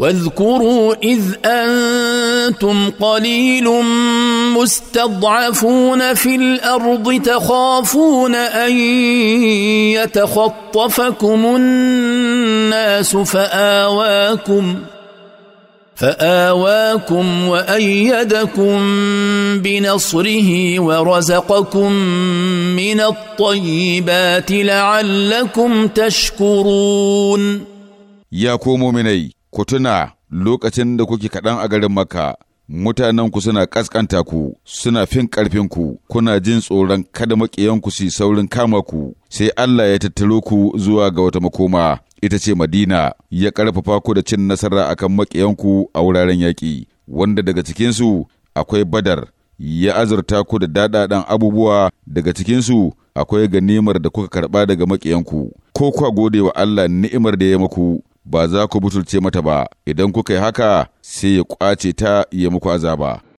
واذكروا اذ انتم قليل مستضعفون في الارض تخافون ان يتخطفكم الناس فاواكم فاواكم وايدكم بنصره ورزقكم من الطيبات لعلكم تشكرون يا كومو مني ku tuna lokacin da kuke kaɗan a garin Makka, ku suna ƙasƙanta ku, suna fin ku kuna jin tsoron kada maƙiyanku su saurin kama ku, sai Allah ya tattaro ku zuwa ga wata makoma, ita ce Madina, ya ƙarfafa ku da cin nasara akan maƙiyanku a wuraren yaƙi, wanda daga cikinsu akwai Badar, ya azurta ku da daɗaɗan abubuwa daga cikinsu akwai ganimar da kuka karɓa daga maƙiyanku, ko kwa gode wa Allah ni'imar da ya maku, ba za ku butulce mata ba, idan kuka yi haka sai ya ƙwace ta ya muku azaba.